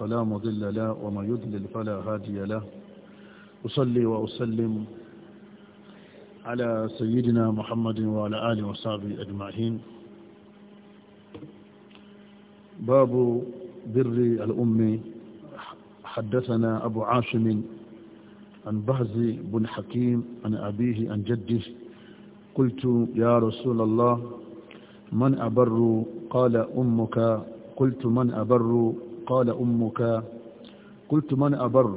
فلا مضل له ومن يضلل فلا هادي له أصلي وأسلم على سيدنا محمد وعلى آله وصحبه أجمعين باب بر الأم حدثنا أبو عاشم عن بهز بن حكيم عن أبيه عن جده قلت يا رسول الله من أبر قال أمك قلت من أبر قال أمك قلت من أبر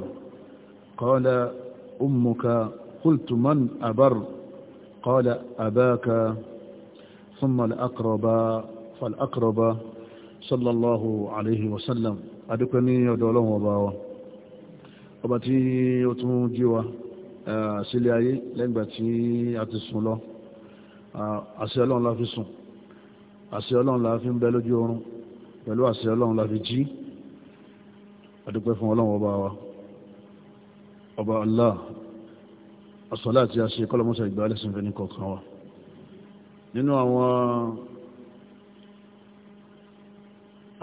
قال أمك قلت من أبر قال أباك ثم الأقرب فالأقرب صلى الله عليه وسلم أدكني يدوله وباوة أبتي يتم جوا آه، سلياي لن بتي أتسم الله أسألون لا في سن أسألون لا في مبالو جيون بلو أسألون لا في جي adúpẹ́ fún ọlọ́run ọba wa ọba allah asọ́lá àti àṣẹ kọ́lọ̀mọ́sà ìgbà alẹ́sìn fẹ́ ní kọ̀ọ̀kan wa nínú àwọn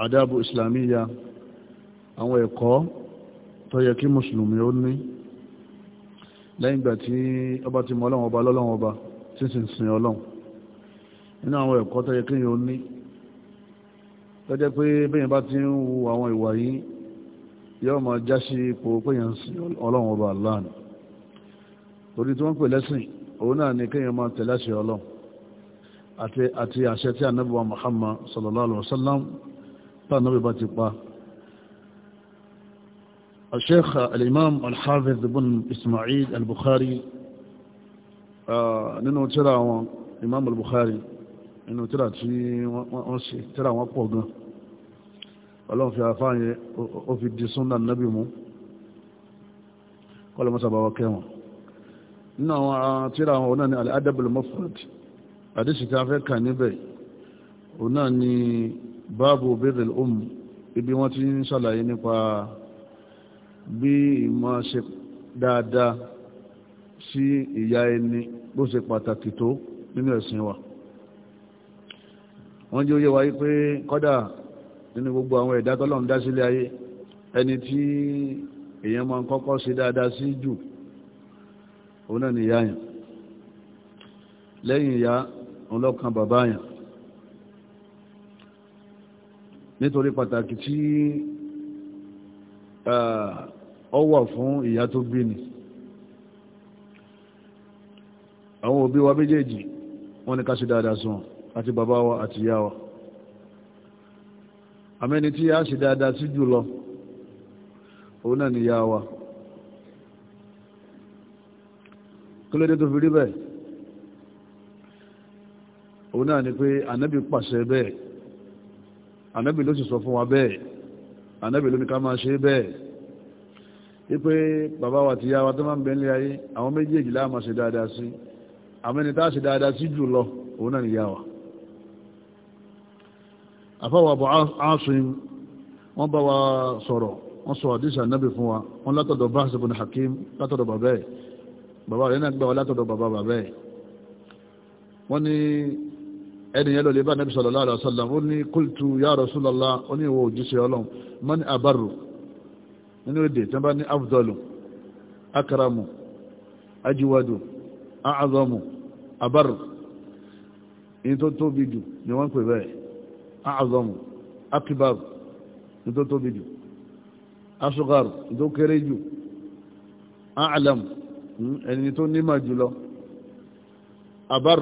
adábù islamiyya àwọn ẹ̀kọ́ tó yẹ kí mùsùlùmí ó ní lẹ́yìn ìgbà tí ọba ti mọ ọlọ́run ọba lọ́lọ́run ọba tí sì ń sin ọlọ́run nínú àwọn ẹ̀kọ́ tó yẹ kí yóò ní tó pé bẹ́yìn bá ti ń wu àwọn ìwà yìí yóò máa já sí ipò péyàn sí ọlọ́run ọba aláàánú torí tí wọ́n pè lẹ́sìn òun náà ni kéèyàn máa tẹ̀lé àṣẹ ọlọ́run àti àti àṣẹ tí ànábì wa sallallahu alaihi wasallam tá bá ti pa الشيخ الإمام الحافظ بن إسماعيل البخاري nínú tírà wọn Imam al-Bukhari nínú tírà tí ọlọ́run fi àfáà yẹn ó fi di súnà nábì mú kọ́lọ̀ mọ́sà bá wá kẹwọn nínú àwọn tíra àwọn ọ̀nà ni al-adabul mufrad àdísì tí a fẹ́ kà níbẹ̀ ọ̀nà ni báàbù birril um ibi wọ́n ti ń ṣàlàyé nípa bí ìmọ̀ ṣe dáadáa sí ìyá ẹni bó ṣe pàtàkì tó nínú ẹ̀sìn wa wọ́n jẹ́ ó yé pé kọ́dà nínú gbogbo àwọn ẹ̀dá tọ́lọ́run dá sílé ayé ẹni tí èèyàn máa ń kọ́kọ́ ṣe dáadáa sí jù òun náà ni ìyá yẹn lẹ́yìn ìyá òun lọ́kàn bàbá yẹn nítorí pàtàkì tí ọ wà fún ìyá tó bí ni àwọn òbí wa méjèèjì wọ́n ní ká ṣe dáadáa sí àti bàbá wa àti ìyá wa àmẹ́ni tí a ṣe dáadáa sí jùlọ òun náà nìyá wa kí ló dé tó fi rí bẹ́ẹ̀ òun náà ni pé ànábì pàṣẹ bẹ́ẹ̀ ànábì ló sì sọ fún wa bẹ́ẹ̀ ànábì ló ní ká máa ṣe bẹ́ẹ̀ wípé bàbá wa ti yá wa tó máa ń bẹ nílé ayé àwọn méjèèjì la máa ṣe dáadáa sí àmẹ́ni tá a ṣe dáadáa sí jùlọ òun náà nìyá wa àfáwà bọ̀ áṣùn wọ́n bá wa sọ̀rọ̀ wọ́n sọ àdíṣà náàbì fún wa wọ́n látọ̀dọ̀ bá ṣe bùn hakim látọ̀dọ̀ bàbá ẹ̀ bàbá rẹ̀ náà gbà wá látọ̀dọ̀ bàbá bàbá ẹ̀ wọ́n ní ẹni yẹn lọ́lẹ́ bá náàbì sallallahu alaihi wasallam ó ní qultu ya Rasulullah ó ní ìwọ òjíṣẹ́ ọlọ́run man abarru nínú ajiwadu a'azamu abarru èyí tó ni wọ́n pè bẹ́ẹ̀ àzọmù akibaru ní tó tóbi jù asugaru ní tó kéré jù alam hmm, ẹni tó nímà jùlọ abar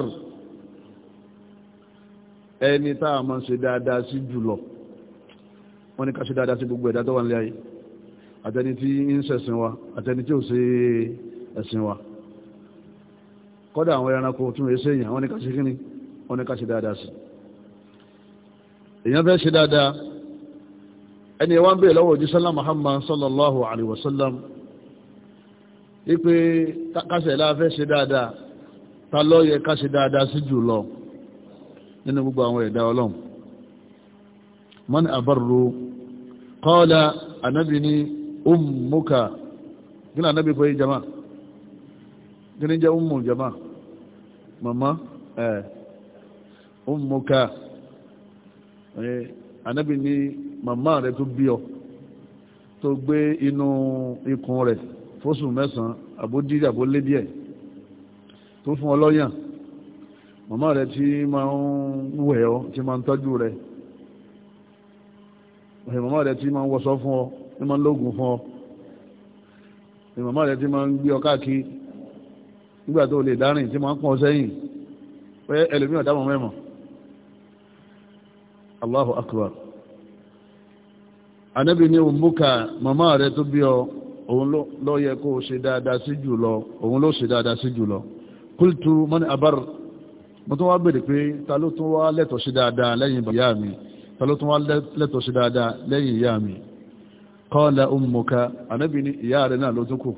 ẹni tá a máa ṣe dáadáa sí jùlọ wọ́n ní ká ṣe dáadáa sí gbogbo ẹ̀dá tó wà nílé ayé àtẹni tí ń ṣẹ̀sìn wa àtẹni tí ò ṣe ẹ̀sìn wa kọ́dà àwọn ẹranko tún èsè èèyàn wọ́n ní ká ṣe kíni wọ́n ní ká ṣe dáadáa sí i èèyàn fẹ́ ṣe dáadáa ẹni wá ń bèèrè lọ́wọ́ òjísọ́lá Muhammad sallallahu alaihi wasallam wípé kásẹ̀ láfẹ́ ṣe dáadáa ta ló yẹ ká ṣe dáadáa sí jù lọ nínú gbogbo àwọn ẹ̀dá ọlọ́run man abarru qala anabi ni ummuka gina anabi kò jama gini jẹ́ ummu jama mama ẹ̀ ummuka anábì ní màmá rẹ̀ tó bí ọ tó gbé inú ikùn rẹ̀ fóṣù mẹ́sàn-án àbódíjà bó lé díẹ̀ tó fún ọ lọ́yàn màmá rẹ̀ tí máa ń wẹ̀ ọ tí máa ń tọ́jú rẹ̀ màmá rẹ̀ tí máa ń wọṣọ fún ọ tí máa ń lóògùn fún ọ màmá rẹ̀ tí máa ń gbé ọ káàkiri nígbà tó lè dárìn tí máa ń pọ̀ sẹ́yìn pé ẹlòmíràn dábọ̀ mẹ́mọ̀ Allahu akbar anábì ní òmùkà màmá rẹ̀ tó bí ọ òun ló yẹ kó ṣe dáadáa sí jùlọ òun ló ṣe dáadáa sí jùlọ kúltù mọ́ni abar mo tún wá bèèrè pé ta ló tún wá lẹ́tọ̀ọ́ sí dáadáa lẹ́yìn ìyá mi ta ló tún wá lẹ́tọ̀ọ́ sí dáadáa lẹ́yìn ìyá mi kọ́ọ̀lá òmùkà anábì ní ìyá rẹ̀ náà ló tún kù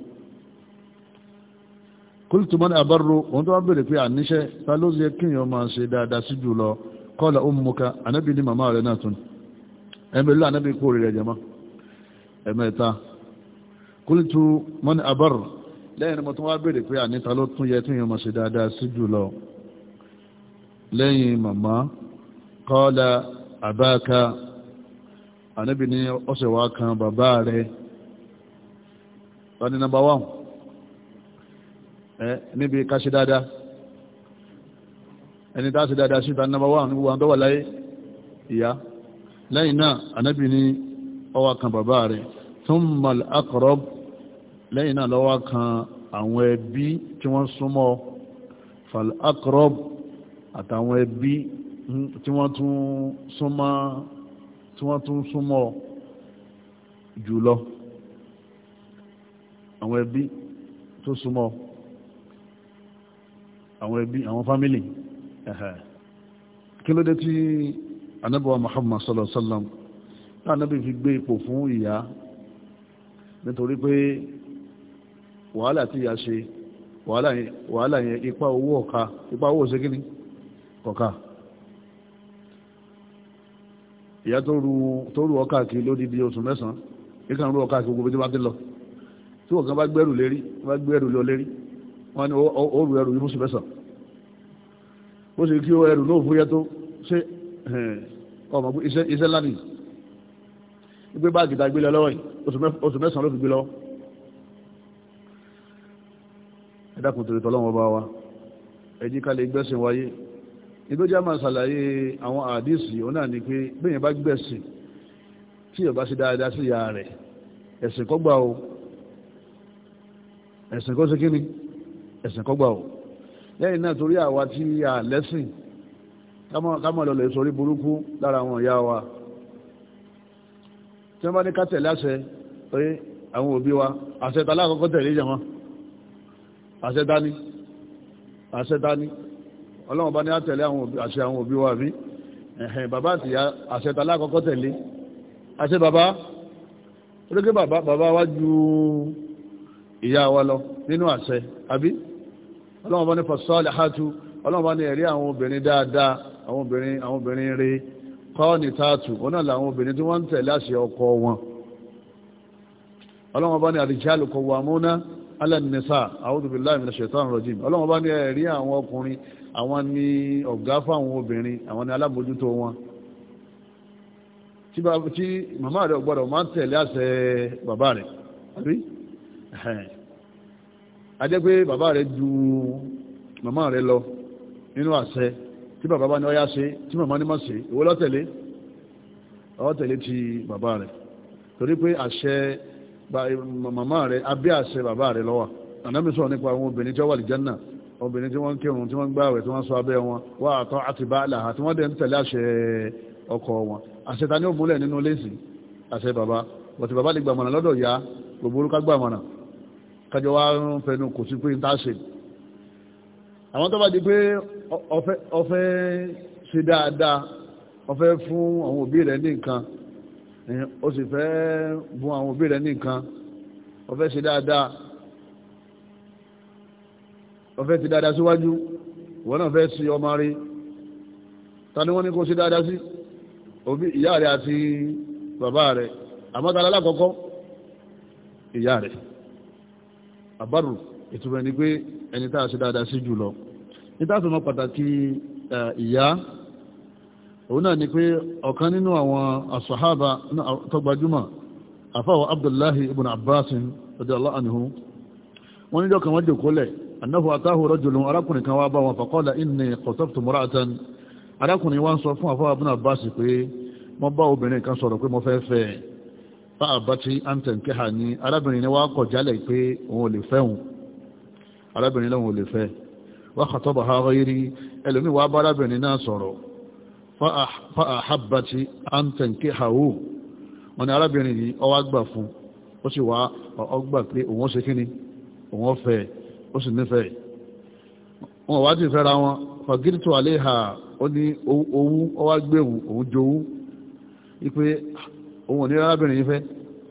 kúltù mọ́ni abarro òun tún wá bèèrè pé àníṣẹ́ ta ló yẹ kíyàn máa ṣe dáadáa sí jùlọ kọ́lá ummuka anábì ní màmá rẹ̀ náà tún ẹmẹ́lú anábì kó rẹ̀ jẹma ẹmẹ́ta kúlìtù mọ́ni lẹ́yìn mọ́ tó wá bèèrè pé àníta ló tún yẹ tún yẹ mọ̀ sí dáadáa sí lẹ́yìn màmá kọ́lá àbáka anábì ní ọ̀sẹ̀ wá kan bàbá rẹ̀ wọ́n ni nàbà wà níbi dáadáa ẹni tá a ṣe dáadáa sí ìta nàbà wà nígbà tó wà láyé ìyá lẹ́yìn náà anábì ní ọwọ́ kan bàbá rẹ̀ thumma al-aqrab lẹ́yìn náà lọ́wọ́ kan àwọn ẹbí tí wọ́n súnmọ́ fal-aqrab àtàwọn ẹbí hmm, tí wọ́n tún súnmọ́ jùlọ àwọn ẹbí tó súnmọ́ àwọn ẹbí àwọn fámílì kí ló dé tí anábọ̀wá Muhammad sallallahu alaihi wasallam anábì fi gbé ipò fún ìyá nítorí pé wàhálà tí ìyá ṣe wàhálà yẹn ipa owó ọ̀ka ipa owó ṣe kíní ọ̀ka ìyá tó rú ọ̀ka kí ló di di oṣù mẹ́sàn-án ìkàn rú ọ̀ka kí gbogbo tí wọ́n ti lọ tí wọ́n bá gbẹ́rù lérí wọ́n ní ó rú ẹrù yìí fún oṣù mẹ́sàn-án bó ṣe kí ó ẹrù náà fúyẹ́ tó ṣe ọmọ pé iṣẹ́ ńlá nìyí gbé báàgì tá a gbé lọ lọ́wọ́ yìí oṣù mẹ́sàn-án ló fi gbé lọ́wọ́ ẹ dákun torí tọ́lọ́wọ́ bá wa ẹ jí ká lè gbẹ́sìn wáyé ìgbéjà máa ṣàlàyé àwọn àdìsí òun náà ni pé bẹ́yìn bá gbẹ̀sìn tí yóò bá ṣe dáadáa sí ìyá rẹ̀ ẹ̀sìn kọ́gbà o ẹ̀sìn kọ́ sí kíni ẹ̀sìn kọ́gbà o lẹ́yìn náà torí àwa tí a lẹ́sìn kámọ́ lọ́lẹ̀ sọrí burúkú lára àwọn ìyá wa tí wọ́n bá ní ká tẹ̀lé àṣẹ pé àwọn òbí wa àṣẹ ta lákọ́kọ́ tẹ̀lé jẹ wọn àṣẹ dání àṣẹ dání ọlọ́run bá ní á tẹ̀lé àṣẹ àwọn òbí wa bí ẹ̀hẹ̀ bàbá àti ìyá àṣẹ ta tẹ̀lé àṣẹ bàbá olókè bàbá bàbá wa ju ìyá wa lọ nínú àṣẹ àbí ọlọ́wọ́n bá ní fasalihatu ọlọ́wọ́n bá ní ẹ̀rí àwọn obìnrin dáadáa àwọn obìnrin àwọn obìnrin rí kọ́ọ̀nì táàtù wọn náà làwọn obìnrin tí wọ́n ń tẹ̀lé àṣẹ ọkọ wọn ọlọ́wọ́n bá ní ar-rijalu qawwamuna 'ala an-nisa a'udhu billahi minash shaitani rajim ọlọ́wọ́n bá ní ẹ̀rí àwọn ọkùnrin àwọn ni ọ̀gá fáwọn obìnrin àwọn ni ajẹ́ pé bàbá rẹ̀ ju màmá rẹ̀ lọ nínú àṣẹ tí bàbá bá ní ọyá ṣe tí màmá ní má ṣe ìwọ lọ́tẹ̀lé ọ̀tẹ̀lé ti bàbá rẹ̀ torí pé àṣẹ màmá rẹ̀ abẹ́ àṣẹ bàbá rẹ̀ lọ́wà ànámi sọ̀rọ̀ nípa àwọn obìnrin tí wọ́n wà ní Jánnà obìnrin tí wọ́n ń kírun tí wọ́n ń gbààwẹ̀ tí wọ́n ń ṣọ́ wọn wà àtọ́ àti báàlà àti wọ́n dẹ̀ ń tẹ̀lé àṣẹ ọkọ wọn àṣẹ ta ni ó múlẹ̀ nínú lẹ́sìn àṣẹ bàbá bọ̀tì bàbá lè gbàmọ̀nà lọ́dọ̀ ya gbogbo orúkọ gbàmọ̀nà kájọ wá ń fẹnu kò sí pé ń táṣe àwọn tó bá di pé ọfẹ́ ṣe dáadáa ọfẹ́ fún àwọn òbí rẹ̀ ní nǹkan ó sì fẹ́ bùn àwọn òbí rẹ̀ ní nǹkan ọfẹ́ ṣe dáadáa ọfẹ́ ti dáadáa síwájú ìwọ náà fẹ́ sí ọmọ rí ta ni wọ́n ní kó ṣe dáadáa sí òbí ìyá rẹ̀ àti bàbá rẹ̀ àmọ́tàlá lákọ̀ọ́kọ́ ìyá rẹ̀ àbárò ìtumọ̀ ni pé ẹni tá a ṣe dáadáa sí jùlọ níta tó mọ pàtàkì ìyá òun náà ni pé ọ̀kan nínú àwọn asọ̀hábà tó àfáwọ̀ abdullahi ibn abbas radiyallahu anhu wọ́n níjọ́ kan wọ́n jòkólẹ̀ annahu atahu rajulun arákùnrin kan wá bá wọn faqala inni qataftu mura'atan arákùnrin wá ń sọ fún àfáwọ̀ ibn pé mo bá obìnrin kan sọ̀rọ̀ pé fẹ́ fáàbátí àǹtẹ̀ǹkẹ́hà ní arábìnrin ni wá kọ̀ jálẹ̀ pé òun lè fẹ́ òun arábìnrin lọ́wọ́ lè fẹ́ wákàtọ́bà hawa yìí ẹlòmí wà bá arábìnrin náà sọ̀rọ̀ fáàbátí àǹtẹ̀ǹkẹ́hà ó wọn ni arábìnrin yìí ọwá gbà fún ó sì wá ọgbà pé òun ṣe kíni òun fẹ́ ó sì nífẹ̀ẹ́ wọn wá ti fẹ́ra wọn fagirito àléhà ó ní owú ọwá gbéwù òun jowú ipe òun ò ní arábìnrin yìí fẹ́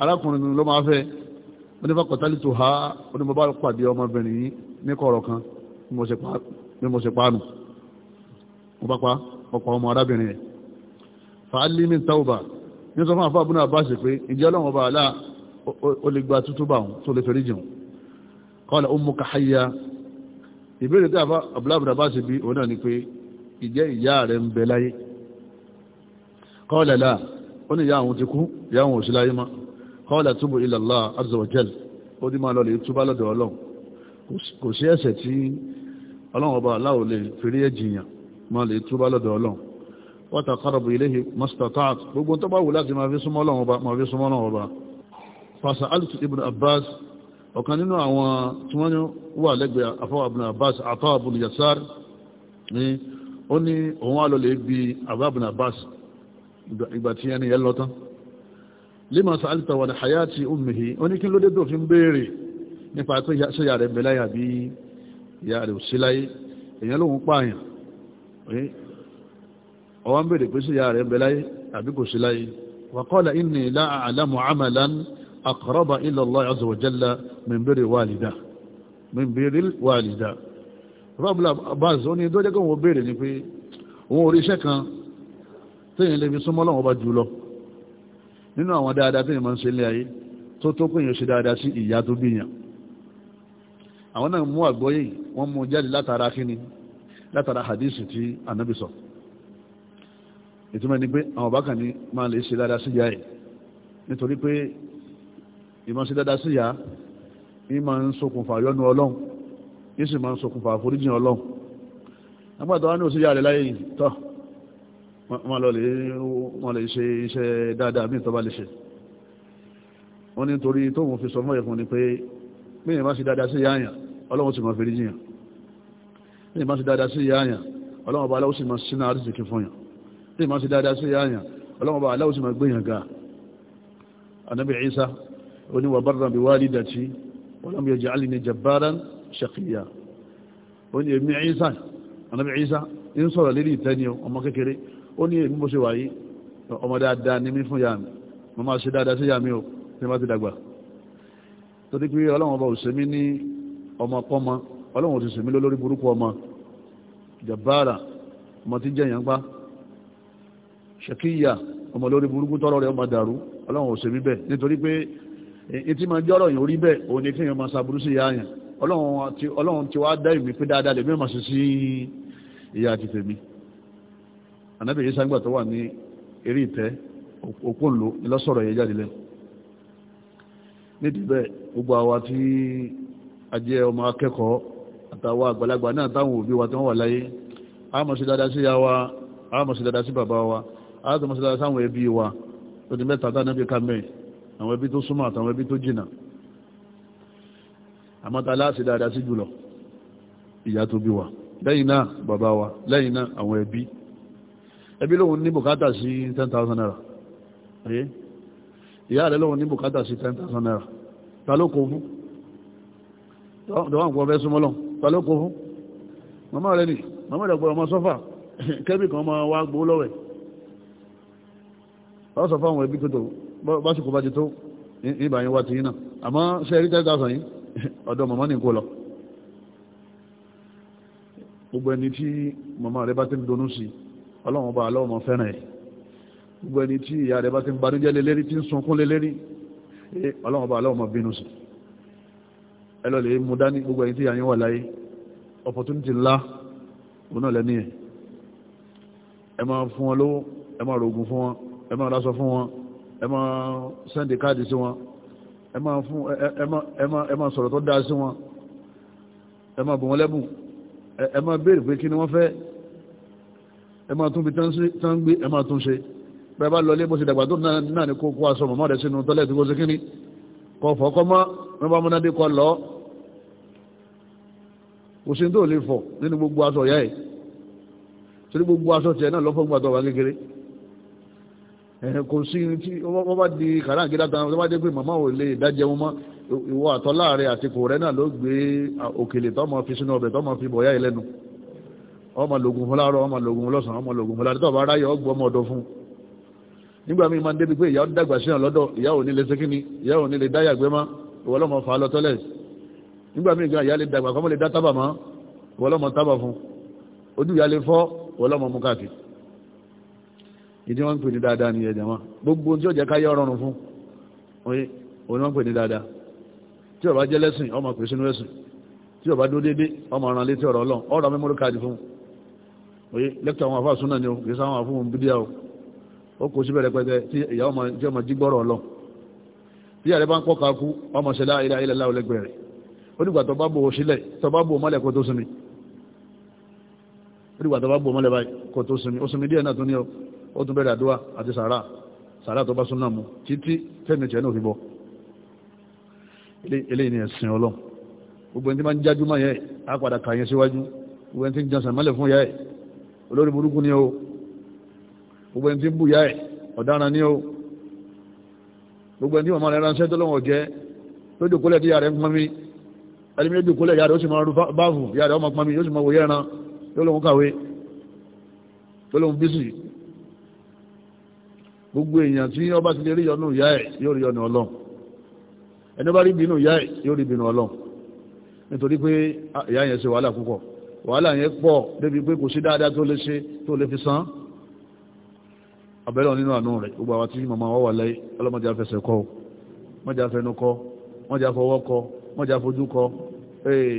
arákùnrin ló máa fẹ́ onífà kọ̀tálì tó ha onímọ̀bá pàdé ọmọbìnrin yìí ní kọ̀rọ̀ kan ní mo ṣe paánu mo bá pa ọ̀pọ̀ ọmọ arábìnrin yẹn fàálì mi tàwùbà ní sọ fún àfáàbùnà àbáṣe pé ìjẹ́ ọlọ́run ọba àlá o lè gba ni pé ìjẹ́ ìyá rẹ̀ ń bẹ láyé kọ́lá ó ní ìyá àwọn ti kú ìyá àwọn òṣìlá yé má kọ́ọ̀lá túbù ila Allah azza wa jal ó ní máa lọ lè túbá lọ́dọ̀ ọlọ́run kò sí ẹ̀ṣẹ̀ tí ọlọ́run ọba aláwò lè fèrè ẹ̀jìyàn máa lè túbá lọ́dọ̀ ọlọ́run wa taqarrabu ilayhi mastata'at gbogbo tó bá wù láti máa fi súnmọ́ ọlọ́run ọba máa alitu ibn abbas ọ̀kan nínú àwọn tí wọ́n wà lẹ́gbẹ̀ẹ́ afọ́wà ibn abbas àtọ́ ibn yasar ni ó ní òun wà lọ lè bi àbá ibn abbas ìgbà tí ẹni yẹn lọ tán lima sa'alta wa hayati ummihi oni kin lo de do fin béèrè nípa pé ya se ya re bela ya bi ya re osilaye eyan lohun pa yan eh o wa béèrè pé se ya re belaye àbí kò silaye wa qala inni la a'lamu amalan aqraba ila Allah azza téèyàn lè fi súnmọ́ Ọlọ́run ọba jù lọ nínú àwọn dáadáa téèyàn máa ń ṣe ilé ayé tó tó pé èèyàn ṣe dáadáa sí ìyá tó bíyàn àwọn náà mú àgbọ́yé wọ́n mú jáde látara kíni látara hadisi tí Ànábì sọ ni pé àwọn bá kàn máa lè ṣe dáadáa sí ìyá ẹ̀ nítorí pé ìmọ̀ dáadáa sí ìyá ní máa ń ṣokùnfà yọ́nú Ọlọ́run yìí sì máa ń ṣokùnfà àforíjìn Ọlọ́run nígbà tó ní òṣìyà rẹ̀ láyé tọ́ wọ́n lọ lè ṣe iṣẹ́ dáadáa bí ìtọ́bá lè ṣe wọ́n ní torí tóhun fi sọ mọ́ ẹ̀fún ni pé míyàn bá ṣe dáadáa sí yáyàn ọlọ́run sì mọ̀ fèrè jìyàn míyàn bá ṣe dáadáa sí yáyàn ọlọ́run bá aláwọ̀ sì mọ̀ sínú àrísìkí fún yàn míyàn bá ṣe dáadáa sí yáyàn ọlọ́run bá aláwọ̀ sì mọ̀ gbé ó ní èmi bó ṣe wà yìí ọmọ dáadáa ní mí fún yà mí mo máa ṣe dáadáa sí yà mí o tí wọ́n ti dàgbà torí pé ọlọ́run ọba òṣèmí ní ọmọkọ́mọ ọlọ́run òṣèṣẹ́ mi lólórí burúkú ọmọ jàbára ọmọ tí jẹ́yàn pa ṣẹkíyà ọmọ lórí burúkú tọ́rọ rẹ̀ ọmọ dàrú ọlọ́run òṣèmí bẹ́ẹ̀ nítorí pé etí máa jọ́rọ̀ yìí orí bẹ́ẹ̀ òun ni kí èèyàn máa ṣàbúrú sí ìyá yẹn ọlọ́run ti wá dá ìmí pé dáadáa lè mí máa sí ìyá àti tèmi ànábì yìí sáńgbà tó wà ní eré ìtẹ́ òpó ńlò ìlọ́sọ̀rọ̀ yẹn jáde lẹ́nu nídìí bẹ́ẹ̀ gbogbo àwa tí a ọmọ akẹ́kọ̀ọ́ àtàwọn àgbàlagbà náà táwọn òbí wa tí wọ́n wà láyé a máa sí ya wa a máa ṣe dáadáa sí bàbá wa a máa ṣe dáadáa sáwọn ẹbí wa tó di mẹ́ta dáná bí ká mẹ́ẹ̀ àwọn ẹbí tó súnmọ́ àtàwọn ẹbí tó jìnà àmọ́ ta láti sí jùlọ ìyá tó bí wa lẹ́yìn náà bàbá wa lẹ́yìn náà àwọn ẹbí ẹbí lóhun ní bùkátà sí 10,000 naira rí ìyá rẹ̀ lóhun ní bùkátà sí 10,000 naira ta ló kó fún dọ́wọ́n kò fẹ́ súnmọ́lọ́ ta ló kó fún màmá rẹ̀ ni màmá rẹ̀ gbọ́dọ̀ ma sọ́fà kẹ́bì kan ma wá gbó lọ́wẹ̀ wọ́n sọ fáwọn ẹbí tó bá sì kó bá ti tó ìbà gbogbo ẹni tí màmá rẹ̀ bá ti donú sí ọlọ́run ọba alọ́ọ̀mọ fẹ́ràn ẹ̀ gbogbo ẹni tí ìyá rẹ̀ bá ti ń banújẹ́ lélẹ́rí tí ń sunkún lélẹ́rí ọlọ́run ọba alọ́ọ̀mọ bínú sí ẹ mú dání gbogbo ẹni tí ìyá yín wà láyé opportunity ńlá òun náà lẹ́ni ẹ̀ ẹ máa fún wọn lówó ẹ máa rògùn fún wọn ẹ máa rásọ fún wọn ẹ máa sẹ́ndì káàdì sí wọn ẹ máa ẹ máa sọ̀rọ̀ tó dáa sí wọn ẹ máa bù wọn lẹ́bùn ẹ máa béèrè pé kí ni wọ́n fẹ́ ẹ máa tún fi tán gbé ẹ máa tún ṣe bẹ́ẹ̀ bá lọlé bó ṣe dàgbà tó náà ní kó kó aṣọ mọ̀mọ́ rẹ̀ sínú tọ́lẹ̀ tí kò sí kíní kọ fọ́kọ́ mọ́ wọ́n bá múnádé kọ lọ kò sí tó lè fọ̀ nínú gbogbo aṣọ ìyá ẹ̀ torí gbogbo aṣọ tiẹ̀ náà lọ́fọ́ gbàtọ̀ wà kékeré kò sí ní tí wọ́n bá di kàráǹgídá tán wọ́n bá dé pé màmá ò lè dájẹ́ wọn mọ́ ìwọ àtọ́ láàrin àtikò rẹ náà ló gbé òkèlè tọ́mọ fi sínú ọbẹ̀ tọ́mọ fi bọ̀yá ìlẹ́nu ọmọ lògùn fún láàárọ̀ ọmọ lògùn lọ́sàn ọmọ lògùn fún láàárọ̀ tọ́ọ̀bá aráyọ̀ ọgbọ̀ ọmọ ọ̀dọ̀ fún nígbà míì máa ń débi pé ìyá dàgbà sí ọ̀lọ́dọ̀ ìyá ò ní lè ṣe kíni ìyá ò ní lè dáyà gbé má ìwọlọ́mọ fà á lọ tọ́lẹ̀ nígbà míì gan ìyá lè dàgbà kọ́mọ lè dá tábà má ìwọlọ́mọ tábà fún ojú ìyá lè fọ́ ìwọlọ́mọ mú káàkiri ìdí wọn ń pè ní dáadáa ní ẹ̀jẹ̀ wọn gbogbo tí ó jẹ́ káyọ̀ rọrùn fún òun wọn ń pè oye lẹ́kítọ̀ àwọn àfáà súnà ni o kì í sáwọn àfún bídíà o ó kò síbẹ̀ rẹpẹtẹ tí ìyàwó ma jẹ́ ọmọ jígbọ́rọ̀ lọ bí àrẹ bá ń kọ́ka kú ọmọ ṣẹlá ilẹ̀ ilẹ̀ láwọn lẹ́gbẹ̀ẹ́ rẹ̀ ó nígbà tó bá bò ó sílẹ̀ tó bá bò ó mọ́lẹ̀ kó tó sinmi ó nígbà tó bá bò ó mọ́lẹ̀ báyìí kó tó sinmi ó sinmi díẹ̀ náà tún ní ó tún bẹ̀rẹ̀ àdúrà àti sàrà sàrà tó bá súnà mu títí tẹ́mi tiẹ̀ náà fi bọ́ ni ẹ̀sìn ọlọ́ gbogbo ẹni tí máa ń jájú máa yẹ á padà olórí burúkú ni o gbogbo ẹni tí ń bù yá ẹ̀ ọ̀daràn ni o gbogbo ẹni tí màmá rẹ̀ ránṣẹ́ tó lọ́wọ́ jẹ́ ló dòkólẹ̀ tí ìyá rẹ̀ ń pọnmi ẹni mi dòkólẹ̀ ìyá rẹ̀ ó sì máa rú báàfù ìyá rẹ̀ ọmọ pọnmi yóò sì máa wòye ẹran tó lóun kàwé tó lóun bísì gbogbo èèyàn tí ọba ti lè rí yọnu ìyá ẹ̀ yóò rí yọnu ọlọ́run ẹni bá rí bínú ìyá ẹ̀ yóò rí bínú ọlọ́run nítorí pé ìyá yẹn ṣe wàhálà púpọ̀ wàhálà yẹn pọ̀ débi pé kò sí dáadáa tó lè ṣe tó lè fi san abẹ́rẹ́ nínú àánú rẹ̀ gbogbo àwọn tí màmá wà wà lẹ́yìn ọlọ́mọdé afẹsẹ̀ kọ́ mọ́jà afẹnu kọ́ mọ́jà afọwọ́ kọ́ mọ́jà afojú kọ́ ee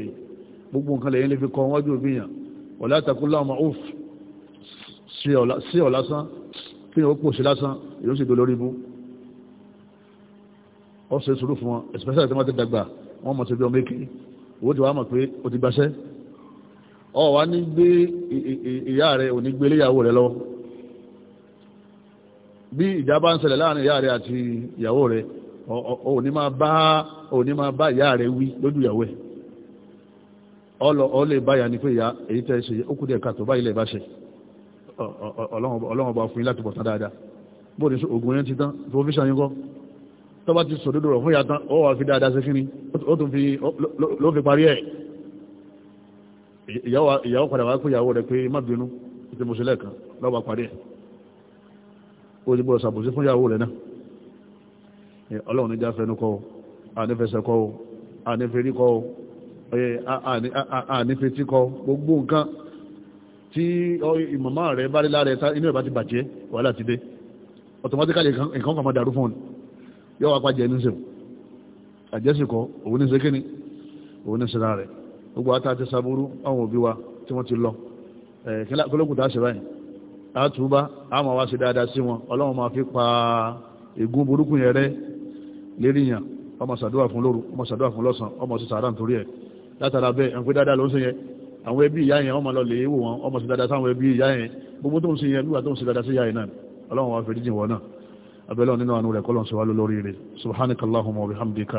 gbogbo nǹkan lẹ́yìn lè fi kọ́ wájú òbí yàn wọ́n látàkùn láwọn máa òf sí ọ̀ lásán kí ni ó pòṣe lásán èyí ó sì dolórí ibú ó ṣe sùúrù fún wọn especially tí wọ́n ti dàgbà wọ́n mọ̀ sí bí ọmọ èké owó ti wá mọ̀ pé ó ti gbaṣẹ́ ọ wá ní gbé ìyá rẹ̀ ò ní gbé léyàwó rẹ̀ lọ́wọ́ bí ìjà bá ń ṣẹlẹ̀ láàrin ìyá rẹ̀ àti ìyàwó rẹ̀ ò ní máa bá ò ní máa bá ìyá rẹ̀ wí lójú ìyàwó ẹ̀ ọ lè báyà ní pé ìyá èyí tẹ́ ṣe ó kúrò ẹ̀ka tó bá ilẹ̀ ìbáṣẹ ọlọ́run ọba fún yín láti bọ̀ tán dáadáa bó ní ogun yẹn ti tán provision yín kọ́ tó bá ti sòdodo rọ̀ fún ìyá tán ó wà fi dáadáa sí kí ó tún fi ló fi parí ẹ̀ ìyàwó padà wá pé ìyàwó rẹ̀ pé má bínú tí mo ṣe lẹ́ẹ̀kan lọ́ba parí ẹ̀ ó ti gbọ́dọ̀ ṣàbòsí fún ìyàwó rẹ̀ náà ọlọ́run níjà fẹnu kọ́ ọ ànífẹsẹ̀ kọ́ ọ ànífẹrí kọ́ ọ ànífẹtí kọ́ gbogbo nǹkan tí ìmọ̀má rẹ̀ bá rí lára ẹ̀ta inú ẹ̀ bá ti bàjẹ́ wàhálà ti dé automatically nǹkan kan máa dàrú fún ọ yọ gbogbo ata ti sàbúrú àwọn òbí wa tí wọ́n ti lọ kílógún tàà ṣẹ̀báyìn àtúbá àmà wá sí dáadáa sí wọn ọlọ́run máa fi pa ègún burúkú yẹn rẹ́ léríyàn ọmọ sàdúwà fún lóru ọmọ sàdúwà fún lọ́sàn ọmọ sí sàárà nítorí ẹ̀ látara bẹ́ẹ̀ ẹ̀ǹkú dáadáa ló ń sìn yẹn àwọn ẹbí ìyá yẹn ọmọ lọ lè wò wọn ọmọ sí dáadáa sáwọn ẹbí ìyá yẹn gbogbo tó ń sìn yẹn nígbà tó ń sìn dáadáa sí ìyá yẹn náà ọlọ́run wa fèrè jìn wọn náà abẹ́lẹ́ nínú àánú rẹ̀ kọ́lọ́n sọ wá lórí rẹ̀ subhanakallahumma wa bihamdika